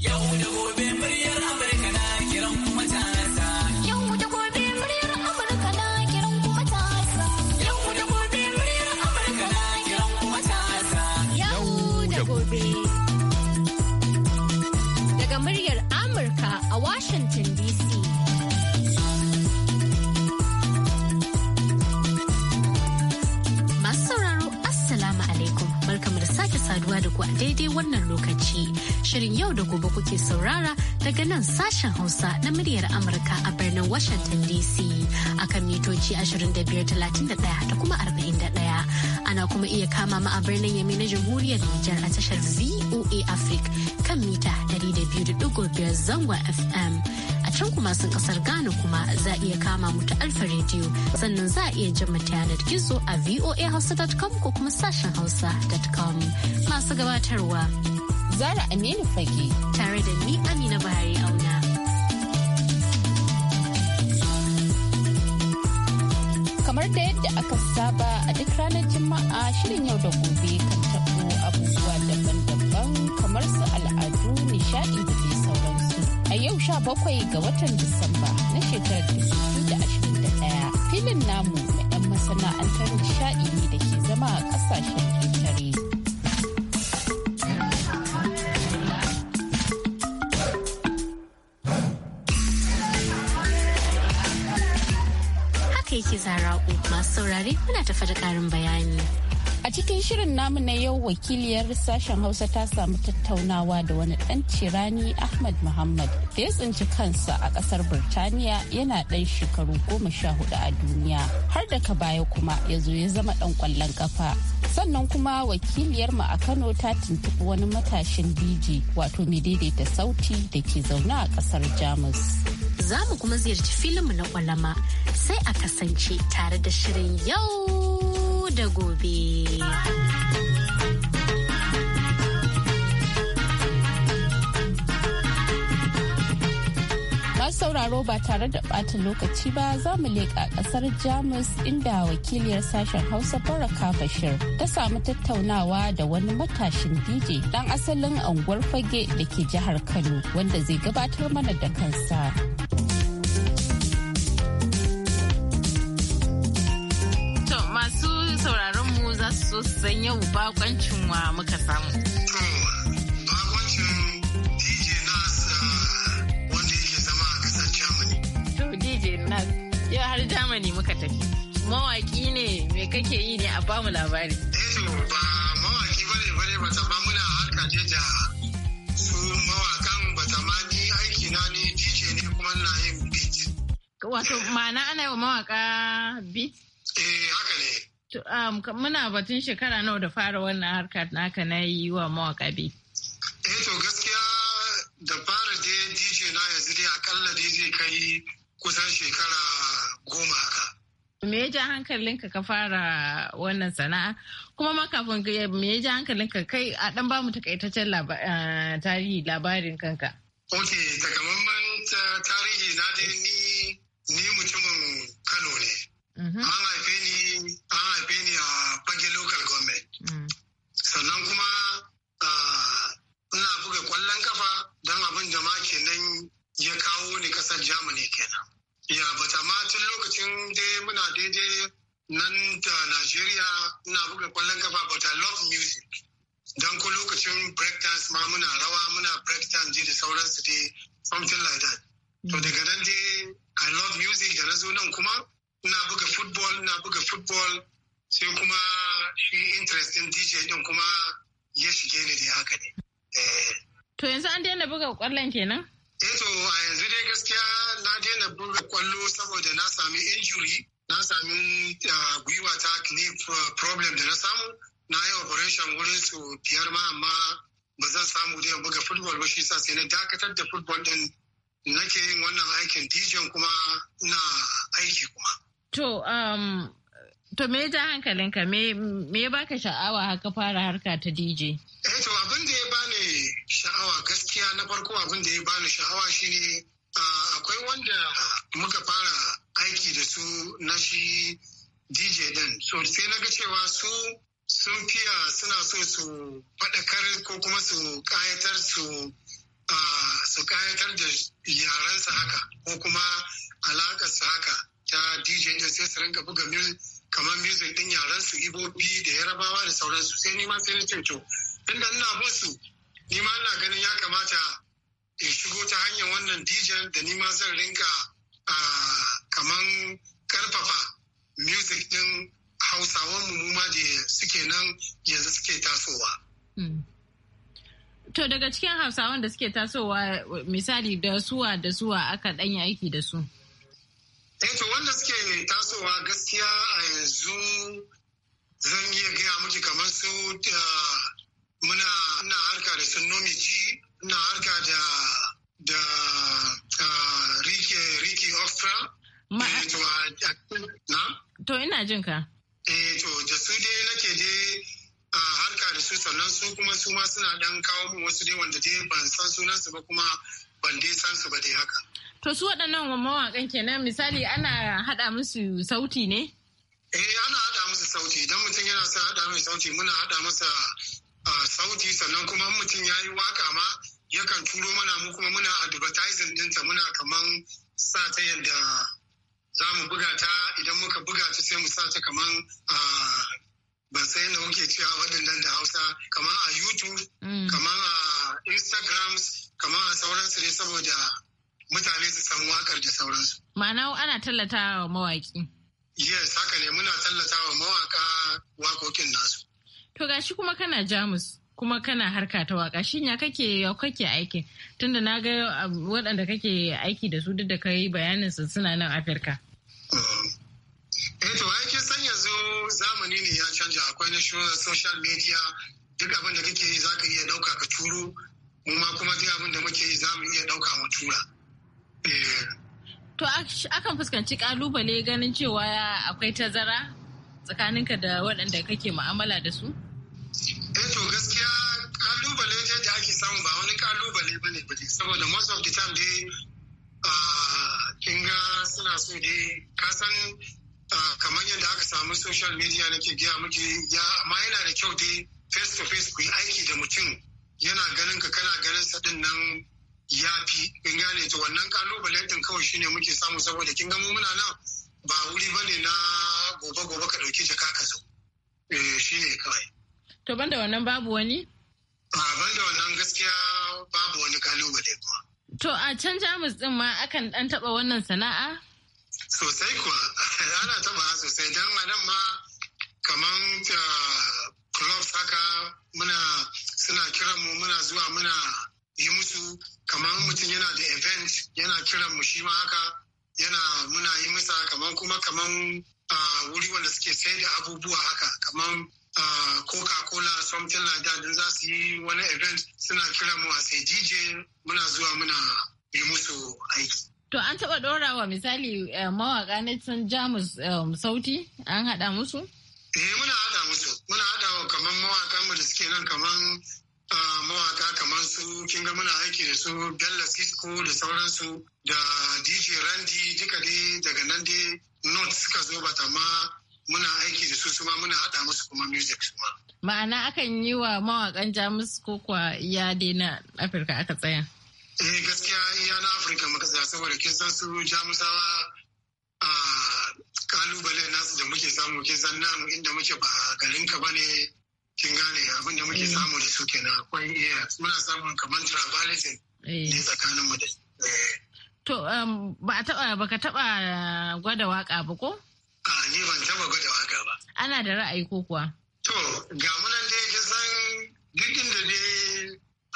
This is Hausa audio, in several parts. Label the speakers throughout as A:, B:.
A: Yo, da
B: Shirin yau da gobe kuke saurara daga nan sashen Hausa na muryar Amurka a birnin Washington DC a kan mitoci 2531 da kuma 41. Ana kuma iya kama mu a birnin Yami na Jamhuriyar Nijar a tashar VOA Africa kan mita 200.5 zangon FM. a can kuma sun kasar Ghana kuma za iya kama mu ta Alfa Radio sannan za a iya jin mu ta yanar gizo a voahausa.com ko kuma sashen hausa.com masu gabatarwa. Zara Aminu Fage. Tare da ni Amina Bahari Auna. Kamar da yadda
C: aka saba a duk ranar Juma'a shirin yau da gobe kan taɓo abubuwa daban-daban kamar su al'adu, nishaɗi da dai sauransu. A yau sha bakwai ga watan Disamba na shekarar 2021 filin namu na 'yan masana'antar nishaɗi ne da ke zama a ƙasashen
B: Sara'u masu saurari muna tafa da ƙarin bayani. A cikin shirin namu na yau wakiliyar sashen Hausa
C: ta samu tattaunawa da wani ɗan cirani Ahmad Muhammad da ya tsinci kansa a ƙasar Birtaniya yana ɗan shekaru goma sha hudu a duniya har daga baya kuma ya zo ya zama ɗan ƙwallon ƙafa. Sannan kuma wakiliyar mu a Kano ta tuntuɓi wani matashin DJ wato mai daidaita sauti da ke zaune a ƙasar Jamus.
B: za mu kuma ziyarci filinmu na kwalama sai a kasance tare da shirin yau da gobe.
C: Masu sauraro ba tare da ɓata lokaci ba za mu leƙa ƙasar Jamus inda wakiliyar sashen Hausa bara kafashir ta samu tattaunawa da wani matashin DJ dan asalin anguwar fage da ke jihar Kano wanda zai gabatar mana da kansa.
D: masu sauraron mu za su so su san yau bakoncin wa muka samu. Germany muka tafi. Mawaki ne me kake yi ne a bamu labari. Eh, ba mawaki
E: bane bane ba ta muna harka ba ta aiki na DJ ne kuma na
D: Wato ma'ana ana yi wa mawaka beat? Eh haka ne. Um, muna batun shekara nawa da fara wannan harkar naka na yi wa mawaka beat.
E: Eh to gaskiya da fara je DJ na yanzu dai akalla dj zai kai kusan shekara goma haka.
D: Me ya ja hankalinka ka fara wannan sana'a? Kuma kafin me ya ja hankalinka kai a ɗan bamu takaitaccen tarihi labarin kanka?
E: Ok, takamaiman tarihi na da ni ni mutumin Kano ne. Mhm. An haife ni an haife ni a Fage Local Government. Mm. Sannan kuma ina buga kwallon kafa don abin jama'a ke kenan ya kawo ni ƙasar Germany kenan. Ya bata ma tun lokacin dai muna daidai nan da Najeriya ina buga kwallon kafa but I love music. don ko lokacin breakdance ma muna rawa muna breakdance ji da sauransu dai something like that. To mm. daga nan dai I love music da na nan kuma ina buga football ina buga football sai kuma shi interest DJ din kuma ya shige ni da haka ne. Eh.
D: To yanzu an daina buga kwallon kenan?
E: eh to a yanzu dai gaskiya na daina buga kwallo saboda na sami injury na sami gwiwa ta knee problem da na samu na yi operation wurin su biyar ma amma ba zan samu da buga football ba shi sa sai na dakatar da football din
D: nake yin wannan aikin dijon kuma na aiki kuma. To, um, To me ja hankalinka me me ya baka sha'awa haka fara harka ta DJ?
E: Eh to abin da ya bani sha'awa gaskiya na farko abin da ya bani sha'awa shine akwai wanda muka fara aiki da su na shi DJ din. So sai na ga cewa su sun fiya suna so su faɗakar ko kuma su ƙayatar su su ƙayatar da yaransa haka ko kuma su haka ta DJ din sai su rinka buga mil. kamar music ɗin yaran su ibobi da yarabawa da sauransu sai ni sai na ce to da ina basu ni ina ganin ya kamata in shigo ta hanyar wannan dijan da ni zan rinka a kaman karfafa music ɗin hausawan mu ma da suke nan yanzu suke tasowa.
D: Hmm. To daga cikin hausawan da suke tasowa misali da suwa da suwa aka ɗanya aiki da su.
E: eh to wanda suke tasowa gaskiya a yanzu zan iya gaya miki kamar su eh, muna na harka da nomi ji na harka da da rike rike ofra
D: to ina jin ka eh to da su dai nake dai
E: harka da su sannan su kuma su ma suna dan kawo min wasu dai wanda dai ban san sunansu ba kuma ban dai san su ba dai haka
B: To
D: su waɗannan mawaƙan kenan misali ana haɗa musu sauti ne?
E: Eh ana haɗa musu sauti idan mutum yana sa haɗa mai sauti muna haɗa masa sauti sannan kuma mutum ya yi waka ma yakan turo mana mu kuma muna advertising ɗinta muna kaman sa ta yadda za mu buga ta idan muka buga ta sai mu sa ta kaman ban san yadda muke cewa waɗannan da hausa kaman a youtube mm. kaman a instagrams kaman a sauransu ne saboda mutane su san wakar da sauransu.
D: Ma'ana ana tallata wa mawaki.
E: Yes, haka ne muna tallata wa mawaka wakokin nasu.
D: To gashi kuma kana Jamus. kuma kana harka ta waka shin ya kake ya kake aikin tunda na ga uh, waɗanda kake aiki da su duk da kai bayanin su suna nan Afirka. Eh,
E: eh aikin san yanzu zamani ne ya canja akwai na social media duk abin da kake yi zaka iya ɗauka ka turo mu ma kuma duk abin da muke yi za mu iya ɗauka mu tura.
D: To akan fuskanci kalubale ganin cewa akwai tazara tsakaninka da waɗanda kake ma'amala da su? Eh to
E: gaskiya kalubale dai da ake samu ba wani kalubale ba ne bane saboda most of the time dai ah, kin suna so dai ka ah, kamar yadda aka samu social media ke gaya muke ya amma yana da kyau dai face to face ku yi aiki da mutum yana ganin ka kana ganin sa nan ya fi in gane ta wannan kalubale din kawai shine muke samu saboda kin gamo muna nan ba wuri bane na gobe gobe ka ɗauki jaka ka zo eh shine kawai
D: to banda wannan babu wani
E: a banda wannan gaskiya babu wani kalubale kuma.
D: to a can jamus din ma akan dan taba wannan sana'a
E: sosai kuwa ana taba sosai dan a nan ma kaman ah, club haka muna suna kiran mu muna zuwa muna yi musu kamar mutum yana da event yana kiran mu shi ma haka yana muna yi masa kamar kuma kamar wuri wanda suke sai da abubuwa haka kamar coca-cola something like that za su yi wani event suna kiran mu a sai dj muna zuwa muna yi musu aiki To
D: an taɓa ɗorawa misali eh, mawaƙa na can Jamus um, sauti an haɗa musu?
E: Eh muna haɗa musu. Muna haɗa wa kamar mawaƙan mu da suke nan kamar mawaka kamar su kin ga muna aiki da su Bello Cisco da sauransu da DJ Randy duka dai daga nan dai not suka zo ba ma muna aiki da su suma muna hada musu kuma music suma.
D: Ma'ana akan yi wa mawakan Jamus ko kwa iya dai na Afirka aka tsaya.
E: Eh gaskiya iya na Afirka muka tsaya saboda kin san su Jamusawa a ah, kalubale nasu da muke samu kin san nan inda muke ba garinka bane kin gane abin da muke eh. samu da su kenan akwai iya eh, muna samun kamar tribalism ne eh. tsakanin mu da
D: to um, ba a taba baka taba gwada waka ba ko
E: a ni ban taba gwada waka ba
D: ana da ra'ayi ko kuwa
E: to ga nan dai kin san gidin da dai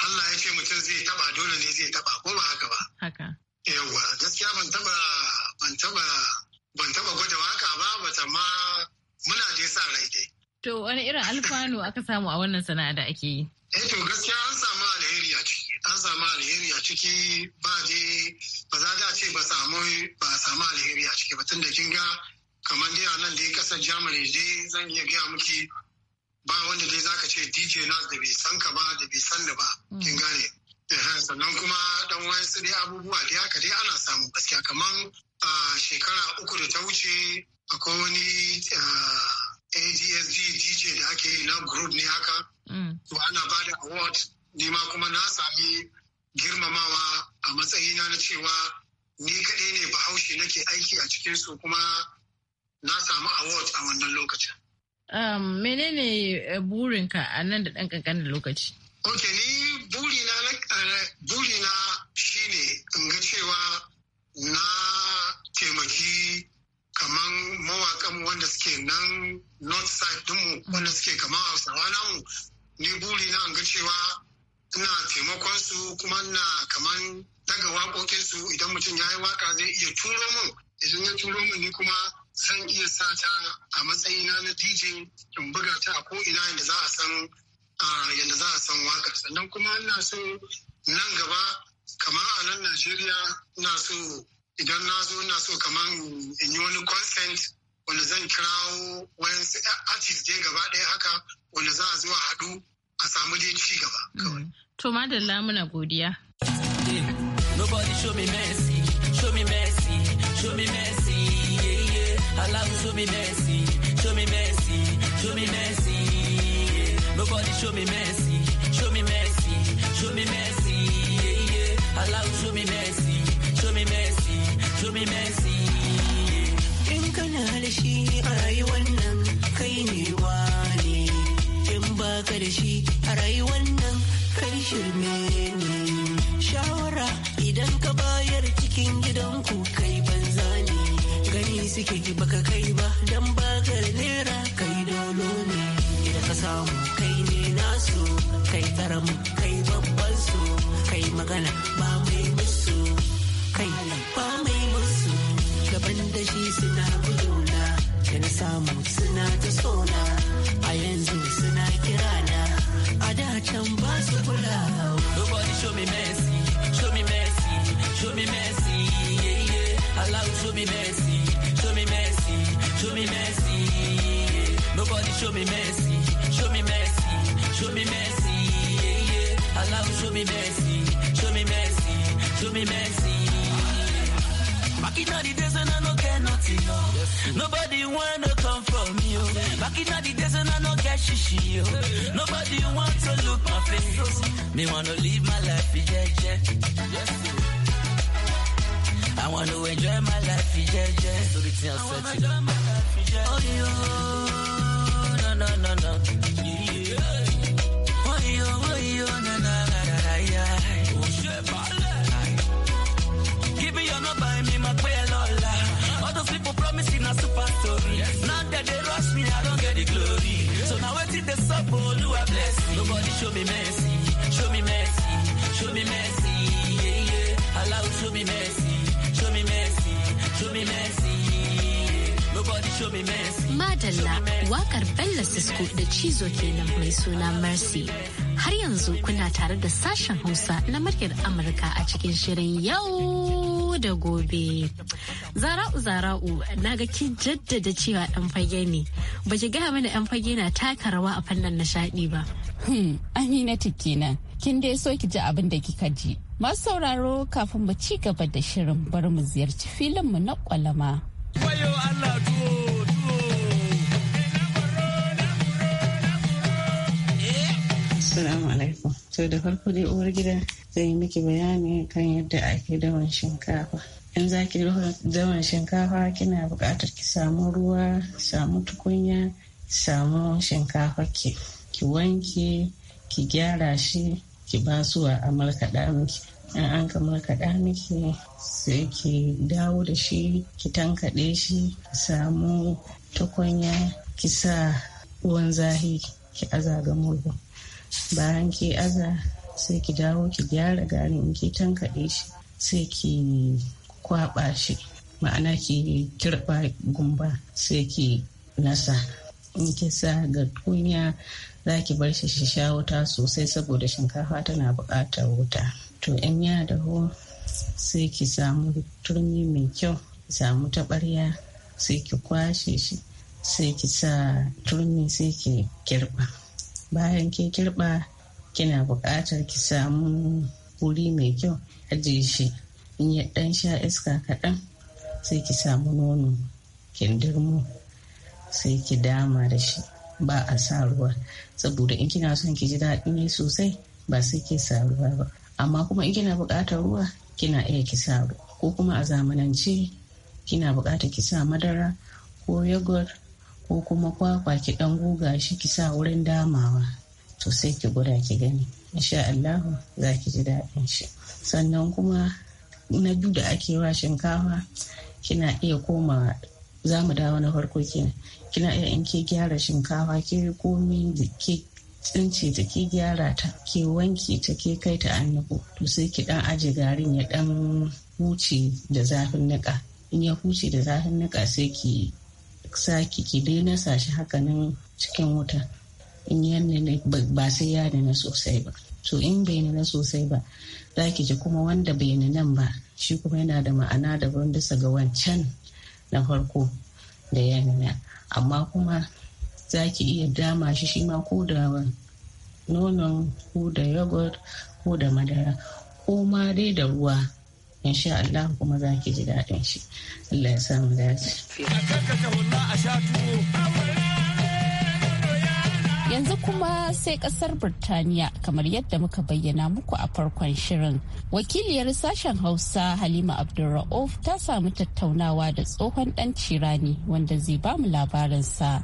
E: Allah ya ce mutum zai taba dole ne zai taba ko ba haka ba haka yawa gaskiya ban taba ban taba
D: To wani irin alfanu aka samu a wannan sana'a da ake yi?
E: Eh to gaskiya an samu alheri a ciki, an samu alheri a ciki ba dai ba za da ce ba samu ba samu alheri a ciki ba tunda kin ga kamar dai a nan dai kasar Germany dai zan iya gaya miki ba wanda dai zaka ce DJ Nas da bai san ka ba da bai san da ba hmm. kin gane. sannan kuma dan wayansu dai abubuwa dai haka dai ana samu gaskiya kamar ah, shekara uku da ta wuce akwai wani ah, agsd dj da ake yi na group ne haka mm. to ana ba da award nima ma kuma na sami girmamawa a matsayina na cewa ni kaɗai ne bahaushe nake aiki a cikinsu kuma na samu award a wannan lokacin
D: um, menene eh, burinka a nan da ɗan ƙanƙanin lokaci?
E: Ok, ni burina, shi eh, ne shine in ga diet mu wanda suke kama hausawa namu ni buri na ga cewa ina taimakon su kuma na kaman daga waƙoƙin su idan mutum ya yi waka zai iya turo mun idan ya turo mun ni kuma zan iya sa ta a matsayina na DJ in buga ta a ko ina yadda za a san yadda za a san wakar sannan kuma ina so nan gaba kamar a nan Najeriya ina so idan na zo ina so kaman in yi wani consent wanda zan kirawo
C: wayansu artist dai gaba ɗaya haka wanda za a zuwa haɗu a samu dai ci gaba. Mm.
D: To madalla muna godiya.
E: Nobody show me mercy, show me
A: mercy, show me mercy, yeah, yeah. Allah show me mercy, show me mercy, show me mercy, yeah. Nobody show me mercy, show me mercy, show me mercy. shi a rayuwar nan
F: kai ne wane in baka da shi a rayuwar nan kai shirme ne shawara idan ka bayar cikin gidanku kai banza ne gani suke ba baka kai
A: show me mercy, show me mercy, show me mercy, yeah, yeah. Allah, show me mercy, show me mercy, show me mercy. Back in the days when I no get nothing, yo. Oh. Nobody wanna come from oh. you. Back in the days when I no get shishi, yo. Oh. Nobody want to look my face. Me wanna live my life, yeah, yeah. I wanna enjoy my life, yeah, yeah. So the thing I said to you. Oh, yo. Give me your me me, I don't get the glory. So me Madalla
B: wakar Bella Sisko da Cizo kenan mai suna Mercy. Har yanzu kuna tare da sashen Hausa na muryar Amurka a cikin shirin yau da gobe. Zara'u zara'u na ga ki jaddada cewa ɗan fage ne. Ba ki gaya mana ɗan fage na taka rawa a fannin nishaɗi ba. Hmm, amina kenan. Kin dai so ki ji
C: abin da kika ji. Masu sauraro kafin mu ci gaba da shirin bar mu ziyarci filin mu na ƙwalama
F: Allah Assalamu alaikum. To da farko dai uwar gida zai yi miki bayani kan yadda ake dawan shinkafa. In za ki dawan shinkafa kina buƙatar ki samu ruwa, samu tukunya, samu shinkafa ki. Ki wanke, ki gyara shi, ki basuwa a markaɗa miki. in an ka markaɗa miki sai ki dawo da shi ki tankaɗe shi samu tukunya ki sa ruwan zahi ki aza murhu bayan ki aza sai ki dawo ki gyara garin in ke tankaɗe shi sai ki kwaɓa shi ma'ana ki kirɓa gumba sai ki nasa in ki sa ga kunya za ki bar shi shi sha wuta sosai saboda shinkafa tana buƙatar wuta to in ya dahu sai ki samu turmi mai kyau samu taɓarya sai ki kwashe shi sai ki sa turmi sai ki kirɓa bayan kin kirɓa kina buƙatar ki samu wuri mai kyau ajiye shi in ya ɗan sha iska kaɗan sai ki samu nono kin sai ki dama da shi ba a sa ruwa saboda in kina son ki ji daɗi ne sosai ba sai ki sa ruwa ba amma kuma in kina buƙatar ruwa kina iya ki sa ruwa ko kuma a zamanance kina buƙatar ki sa madara ko yogurt ko kuma kwakwa ki dan guga shi ki sa wurin damawa to sai ki guda ki gani insha Allah za ki ji daɗin shi sannan kuma na biyu da ake wa shinkafa kina iya koma za mu dawo na farko kenan kina iya in ke gyara shinkafa ke komi ke tsince ta ke gyara ta ke wanke ta ke kai ta annabu to sai ki dan aje garin ya dan huce da zafin niƙa in ya huce da zafin nika sai ki saki ki daina sashi haka nan cikin wuta in yanni ne ba sai ya nuna sosai ba to in bai nuna sosai ba za ki ji kuma wanda bai nan ba shi kuma yana da ma'ana daban bisa ga wancan na farko da ya nuna amma kuma za ki iya dama shi shi ma ko da nonon ko da yogurt ko da madara ko ma dai da ruwa insha Allah kuma za ki ji daɗin shi Allah ya samu dace
C: yanzu kuma sai ƙasar birtaniya kamar yadda muka bayyana muku a farkon shirin wakiliyar sashen hausa halima abdulra'uf ta samu tattaunawa da tsohon ɗan cirani wanda zai bamu labarinsa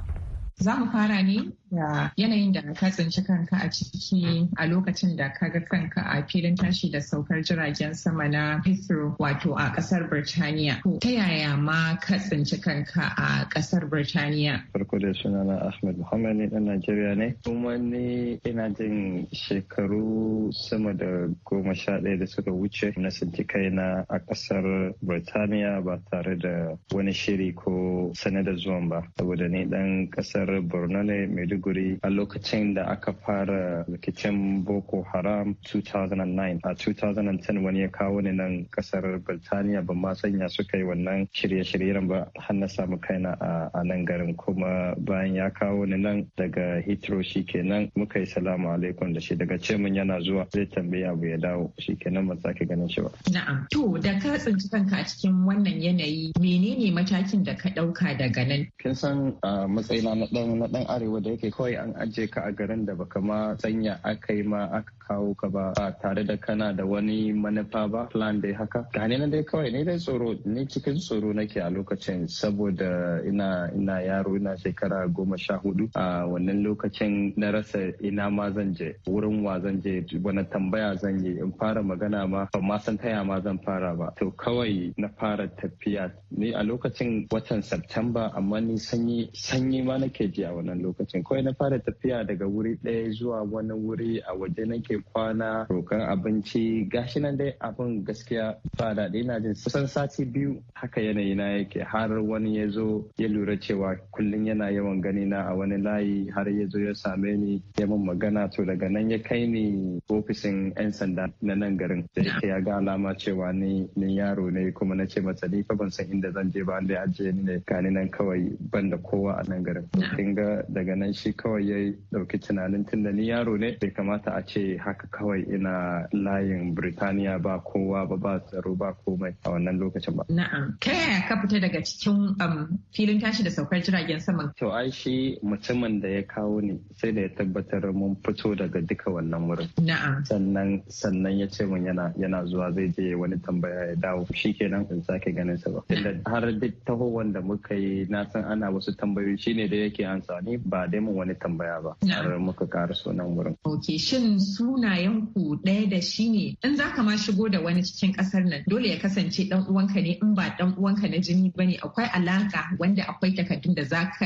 G: za mu fara ne yanayin da ka tsinci kanka a ciki a lokacin da ka ga kanka a filin tashi da saukar jiragen sama na Heathrow wato a kasar Birtaniya. Ta yaya ma ka tsinci kanka a kasar Birtaniya? Farko da na
H: Ahmed Muhammad ne dan Najeriya ne. Kuma ni ina jin shekaru sama da goma sha ɗaya da suka wuce na tsinci kaina a kasar Birtaniya ba tare da wani shiri ko sanadar zuwan ba. Saboda ni dan kasar Borno ne mai Guri a lokacin da aka fara rikicin boko haram 2009 a 2010 wani ya kawo ni nan kasar birtaniya ban ma sanya suka yi wannan shirye-shiryen ba har na samu kaina a nan garin kuma bayan ya kawo ni nan daga hitro shi kenan muka yi salamu alaikum da shi daga ce mun yana zuwa zai tambaya abu ya dawo shi kenan za sake ganin shi ba.
G: Na'am to da ka tsinci kanka a cikin wannan yanayi menene matakin da ka ɗauka daga nan?
H: Kin san matsayina na ɗan arewa da yake kawai an ajiye ka a garin da baka ma sanya aka yi ma aka kawo ka ba tare da kana da wani manufa ba plan dai haka gane na dai kawai ne dai tsoro ni cikin tsoro nake a lokacin saboda ina ina yaro ina shekara goma sha hudu a wannan lokacin na rasa ina ma zan je wurin wa zan je wani tambaya zan yi in fara magana ma ban ma san taya ma zan fara ba to kawai na fara tafiya ni a lokacin watan September amma ni sanyi sanyi ma nake ji a wannan lokacin kawai kawai na fara tafiya daga wuri ɗaya zuwa wani wuri a waje nake kwana rokan abinci gashi nan dai abin gaskiya ba daɗi na jin kusan sati biyu haka yanayi na yake har wani ya zo ya lura cewa kullum yana yawan gani na a wani layi har ya zo ya same ni ya min magana to daga nan ya kai ni ofishin 'yan sanda na nan garin da yake ya ga alama cewa ni ni yaro ne kuma na ce masa ni fa ban san inda zan je ba da ya ajiye ni ne gani nan kawai ban da kowa a nan garin kin ga daga nan shi kawai ya ɗauki tunanin tun da ni yaro ne bai kamata a ce haka kawai ina layin Birtaniya ba kowa ba ba tsaro ba komai a wannan lokacin ba. Na'am.
G: Ka yaya ka fita daga cikin um, filin tashi da saukar jiragen sama.
H: To ai shi mutumin da ya kawo ni sai da ya tabbatar mun fito daga duka wannan wurin. Na'am. Sannan sannan ya ce mun yana yana zuwa zai je wani tambaya ya dawo shi kenan in sake ganin sa ba. Har duk taho wanda muka yi na san ana wasu tambayoyi shine da yake ansa ni ba dai mun wani tambaya ba har muka kara sunan wurin.
G: Ok shin sunayen ku ɗaya da shi ne in za ka ma shigo da wani cikin ƙasar nan dole ya kasance ɗan uwanka ne in ba ɗan uwanka na jini ba ne akwai alaƙa wanda akwai takardun da za ka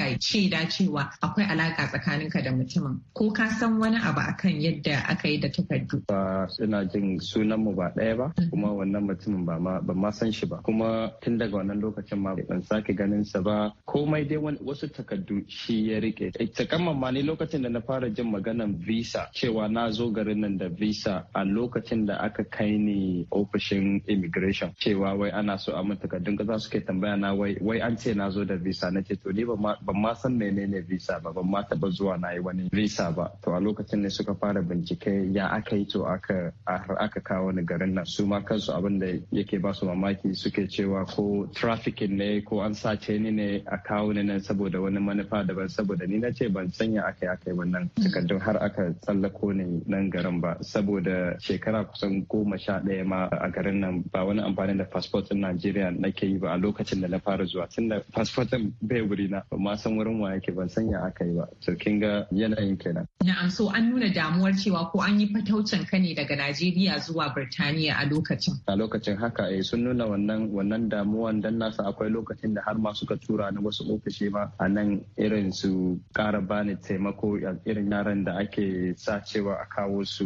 G: da cewa akwai alaƙa tsakaninka da mutumin ko ka san wani abu kan yadda aka yi da takardu. Ba
H: ina jin sunanmu ba ɗaya ba mm-hmm. kuma wannan mutumin ba ma ba ma san shi ba kuma tun daga wannan lokacin ma ban sake ganin sa ba komai dai wasu takardu shi ya rike. Takam musamman ma ne lokacin da na fara jin maganan visa cewa na zo garin nan da visa a lokacin da aka kai ni ofishin immigration cewa wai ana so a takardun kasa suke tambaya na wai wai an ce na zo da visa na ce to ni ban ma san menene visa ba ban ma taba zuwa na yi wani visa ba to a lokacin ne suka fara bincike ya aka yi to aka aka kawo ni garin nan su ma kansu abin da yake ba su mamaki suke cewa ko trafficking ne ko an sace ni ne a kawo ni nan saboda wani manufa daban saboda ni na ce ba ban sanya aka aka yi wannan mm. takardun har aka tsallako ne nan garin ba saboda shekara kusan goma sha ɗaya ma a garin nan ba wani amfani da fasfot ɗin Najeriya nake yi ba a lokacin da na fara zuwa tun da fasfot ɗin bai wuri na ba ma san wurin wa yake ban sanya aka yi ba to kin ga yanayin kenan.
G: Na'am so an nuna damuwar cewa ko an yi fataucin ka ne daga Najeriya zuwa Birtaniya a lokacin.
H: A lokacin haka eh sun nuna wannan wannan damuwan dan nasa akwai lokacin da har ma suka tura na wasu ofishi ma a nan irin su ƙara bani taimako irin yaran da ake sa cewa a kawo su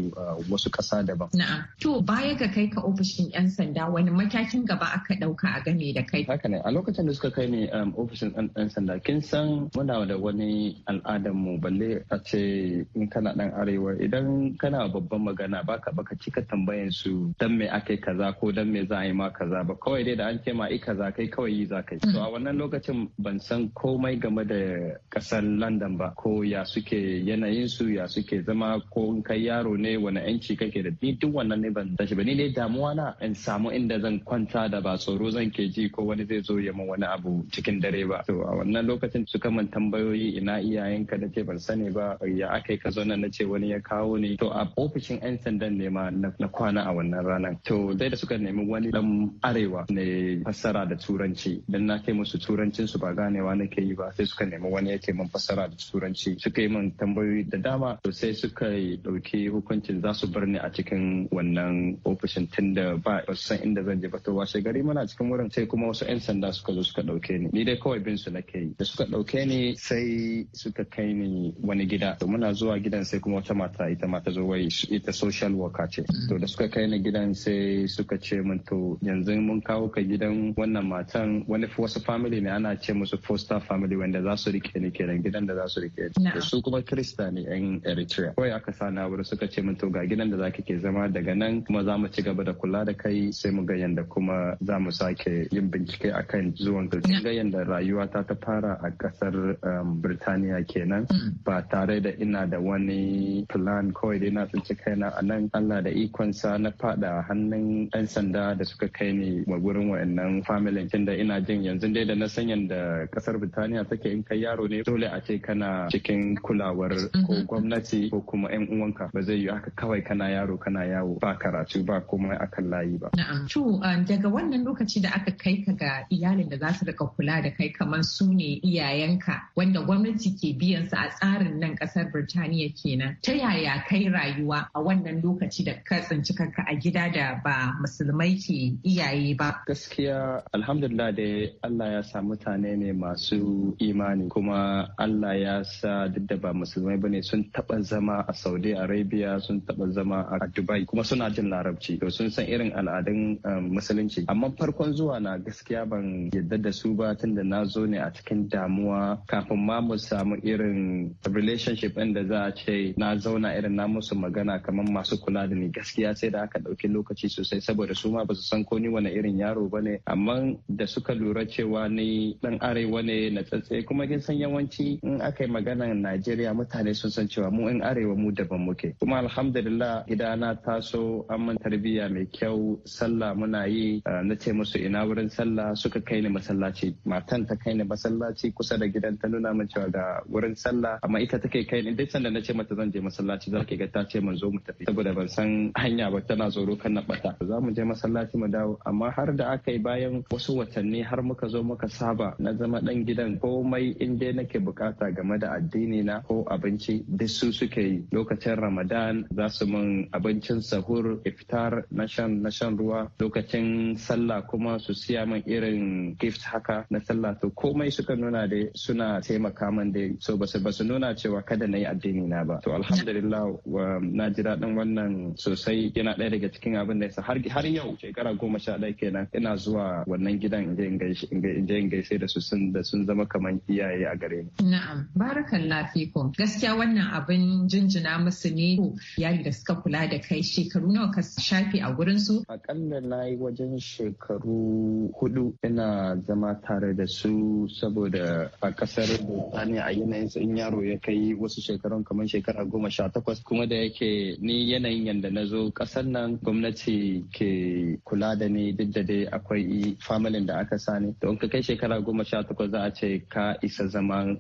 H: wasu kasa daban.
G: Na'am. To baya ga kai ka ofishin 'yan sanda wani matakin gaba aka ɗauka a game da kai.
H: Haka ne a lokacin da suka kai ni um, ofishin 'yan sanda kin san muna da wani al'adar mu balle a ce in kana ɗan arewa idan kana babban magana baka baka cika tambayan su dan me ake kaza ko dan me za a yi ma kaza ba kawai dai da an ce ma i kaza kai kawai yi za kai. So a mm. wannan lokacin ban san komai game da kasar London ba ko ya suke yanayin su ya suke zama ko in kai yaro ne wani yanci kake da ni duk wannan ne ban tashi ba ni ne damuwa na in samu inda zan kwanta da ba tsoro zan ke ji ko wani zai zo ya min wani abu cikin dare ba to a wannan lokacin su min tambayoyi ina iyayenka da ce ban sani ba ya akai ka zo nan na ce wani ya kawo ni to a ofishin yan sandan ne ma na kwana a wannan ranar to dai da suka nemi wani dan arewa ne fassara da turanci dan na kai musu turancin su ba ganewa nake yi ba sai suka nemi wani yake min fassara da turanci turanci suka yi min tambayoyi da dama sosai suka dauki hukuncin za su bar ni a cikin wannan ofishin tun da ba san inda zan je ba to washe gari muna cikin wurin sai kuma wasu 'yan sanda suka zo suka ɗauke ni ni dai kawai bin su nake yi da suka ɗauke ni sai suka kai ni wani gida to muna zuwa gidan sai kuma wata mata ita mata zo wai ita social worker ce to da suka kai ni gidan sai suka ce min to yanzu mun kawo ka gidan wannan matan wani wasu family ne ana ce musu foster family wanda za su rike ni kenan gidan da za su rike da su kuma Kirista ne 'yan Eritrea. Kawai aka sa na wuri suka ce min to ga gidan da zaka ke zama daga nan kuma za mu ci gaba da kula da kai sai mu ga yanda kuma za mu sake yin bincike akan zuwan ka. Kin ga yanda rayuwata ta fara a kasar um, Birtaniya kenan mm. ba tare da ina da wani plan kawai dai na tsinci kaina a nan Allah da ikonsa na fada hannun 'yan sanda da suka kai ni wa gurin wa'annan familin da ina jin yanzu dai da na san yanda kasar Birtaniya take in kai yaro ne dole a ce kana cikin kulawar ko mm-hmm. gwamnati ko kuma 'yan uwanka ba zai yi haka kawai kana yaro kana yawo ba karatu ba komai akan layi ba.
G: To ah, daga wannan lokaci da aka kai ka ga iyalin da za su rika kula da kai kamar su ne iyayenka wanda gwamnati ke biyan su a tsarin nan kasar Birtaniya kenan. Ta yaya kai rayuwa a wannan lokaci da ka tsinci kanka a gida da ba musulmai ke
H: iyaye ba? Gaskiya alhamdulillah da Allah ya sa mutane ne masu imani kuma Allah ya sa duk da ba musulmai bane sun taba zama a saudi arabia sun taba zama a dubai kuma suna jin larabci to sun san irin al'adun um, musulunci amma farkon zuwa na gaskiya ban yadda da su ba tunda na zo ne a cikin damuwa kafin ma mu samu irin relationship ɗin da za a ce na zauna irin na musu magana kamar masu kula da ni gaskiya sai da aka ɗauki lokaci sosai saboda su ma ba su san ko ni wani irin yaro ba ne amma da suka lura cewa ni dan arewa ne na tsatse kuma kin san yawanci in aka yi maganan Najeriya mutane sun san cewa mu in arewa mu daban muke. Kuma alhamdulillah idan na taso an mun tarbiyya mai kyau sallah muna yi na ce musu ina wurin sallah suka kai ni masallaci. Matan ta kai ni masallaci kusa da gidan ta nuna min cewa ga wurin sallah amma ita take kai ni duk sanda na ce mata zan je masallaci za ga ta ce mun zo mu tafi saboda ban san hanya ba tana tsoro kan na bata. Za mu je masallaci mu dawo amma har da aka yi bayan wasu watanni har muka zo muka saba na zama dan gidan komai in nake bukata game da da addini na ko abinci duk su suke yi lokacin ramadan za su min abincin sahur iftar na shan na shan ruwa lokacin sallah kuma su siya min irin gift haka na sallah to komai suka nuna dai suna taimaka min dai so ba su nuna cewa kada na yi addini na ba to alhamdulillah na ji daɗin wannan sosai yana ɗaya daga cikin abin da har yau shekara goma sha ɗaya kenan ina zuwa wannan gidan in je in gaishe da su sun da sun zama kamar iyaye a gare
G: ni na'am barakan lafiko gaskiya wannan abin jinjina musu ne yari da suka kula da kai shekaru nawa ka shafe a gurin su
H: akalla na yi wajen shekaru hudu ina zama tare da su saboda a kasar Birtaniya a yanayin in yaro ya kai wasu shekarun kamar shekara goma sha takwas kuma da yake ni yanayin yadda na zo kasar nan gwamnati ke kula da ni duk da dai akwai familin da aka sani Don ka kai shekara goma sha takwas za a ce ka isa zaman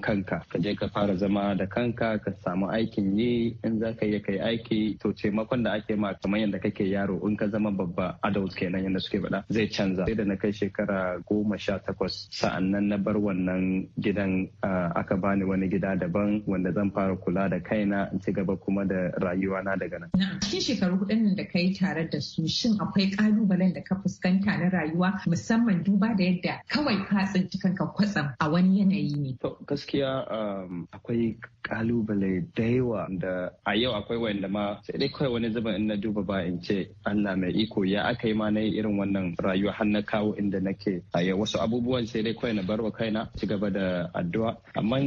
H: kanka ka je ka fara zama da kanka ka samu aikin yi in za ka yi ka yi aiki to taimakon da ake ma kamar yadda kake yaro in ka zama babba adult kenan yadda suke faɗa zai canza sai da na kai shekara goma sha takwas sa'an nan na bar wannan gidan aka bani wani gida daban wanda zan fara kula da kaina in ci gaba kuma da rayuwa na daga nan.
G: cikin shekaru nan da kai tare da su shin akwai kalubalen da ka fuskanta na rayuwa musamman duba da yadda kawai ka tsinci kanka kwatsam a wani yanayi ne.
H: gaskiya Um, akwai kalubale da yawa da a yau akwai wanda ma sai dai kawai wani zuba in na duba ba in ce Allah mai iko ya aka yi ma na yi irin wannan rayuwa har na kawo inda nake a yau wasu abubuwan sai dai kawai na bar wa kaina ci gaba da addu'a amma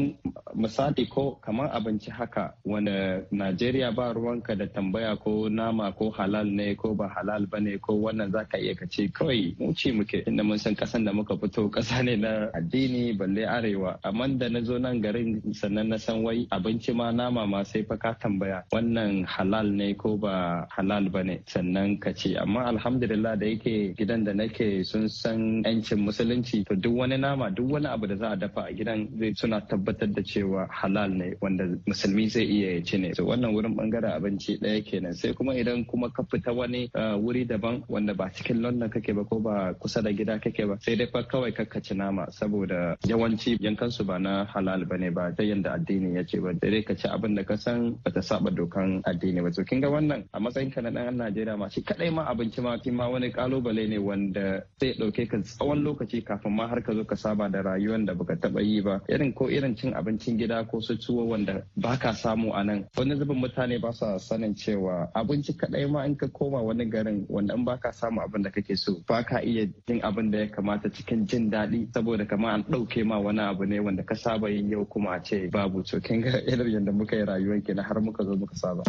H: misali ko kamar abinci haka Wani Najeriya ba ruwanka da tambaya ko nama ko halal ne ko ba halal ba ne ko wannan zaka iya ka ce kawai mu ce muke inda mun san kasan da muka fito kasa ne na addini balle arewa amma da na zo nan ga garin sannan na san wai abinci ma nama ma sai fa ka tambaya wannan halal ne ko ba halal ba ne sannan ka ce amma alhamdulillah da yake gidan da nake sun san yancin musulunci to duk wani nama duk wani abu da za a dafa a gidan zai suna tabbatar da cewa halal ne wanda musulmi zai iya ci ne so wannan wurin bangare abinci ɗaya kenan sai kuma idan kuma ka fita wani eh, wuri daban wanda ba cikin london kake ba ko ba kusa da gida kake ba sai dai fa kawai kakkaci nama saboda yawanci yankansu ba na halal ba ne ba ta yadda addini ya ce ba dai ka ci abin da ka san ba ta saba dokan addini ba to kin ga wannan a matsayin ka na dan Najeriya ma shi kadai ma abinci ma ma wani kalubale ne wanda zai dauke ka tsawon lokaci kafin ma har ka zo ka saba da rayuwar da baka taba yi ba irin ko irin cin abincin gida ko su tuwo wanda baka samu a nan wani zubin mutane ba sa sanin cewa abinci kadai ma in ka koma wani garin wanda in baka samu abin da kake so baka iya jin abin da ya kamata cikin jin daɗi saboda kamar an ɗauke ma wani abu ne wanda ka saba yin yau kuma a ce babu to kin ga irin yadda muka yi rayuwar kenan har muka zo muka saba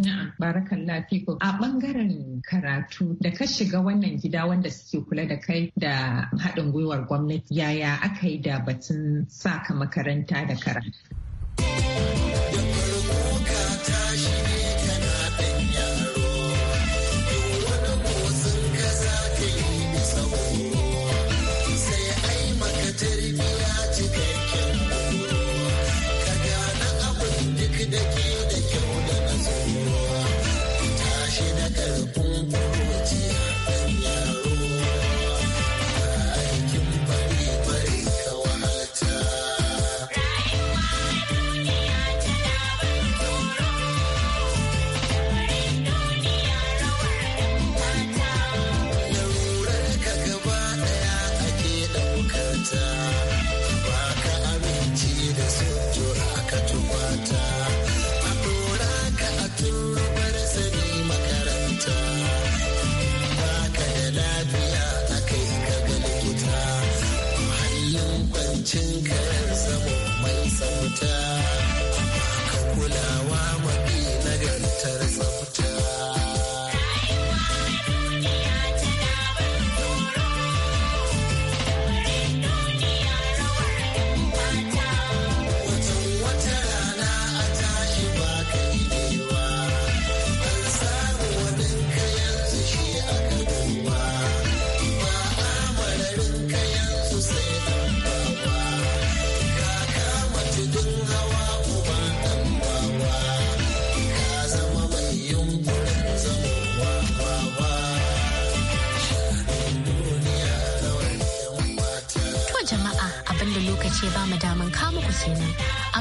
G: barakan lafiko a bangaren karatu da ka shiga wannan gida wanda suke kula da kai da haɗin gwiwar gwamnati yaya aka yi da batun ka makaranta da karatu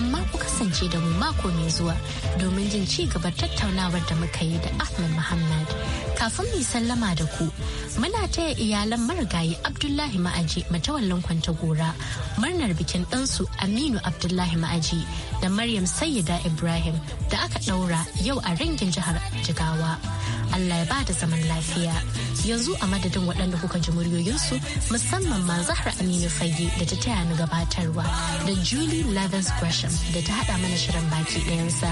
B: amma ku kasance da mu mako mai zuwa domin jin ci gabar tattaunawar da muka yi da Ahmed Muhammad. Kafin mu sallama da ku, muna taya iyalan marigayi Abdullahi Ma'aji matawallin kwanta gora murnar bikin ɗansu Aminu Abdullahi Ma'aji da Maryam Sayyida Ibrahim da aka ɗaura yau a rangin jihar Jigawa. Allah ya bada zaman lafiya. Yanzu a madadin waɗanda kuka ji muryoyinsu musamman ma Zahra Aminu Fage da ta taya ni gabatarwa da Julie Lathers Gresham da ta haɗa mana shirin baki ɗayansa.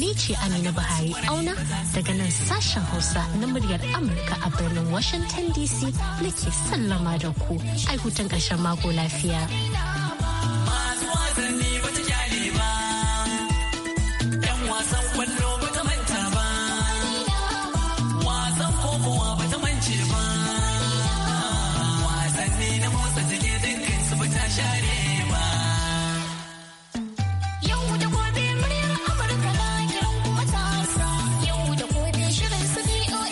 B: Ni ce Amina Buhari auna daga nan sashen Hausa na muryar Amurka a birnin Washington DC nake sallama da ku. Ai ƙarshen mako lafiya.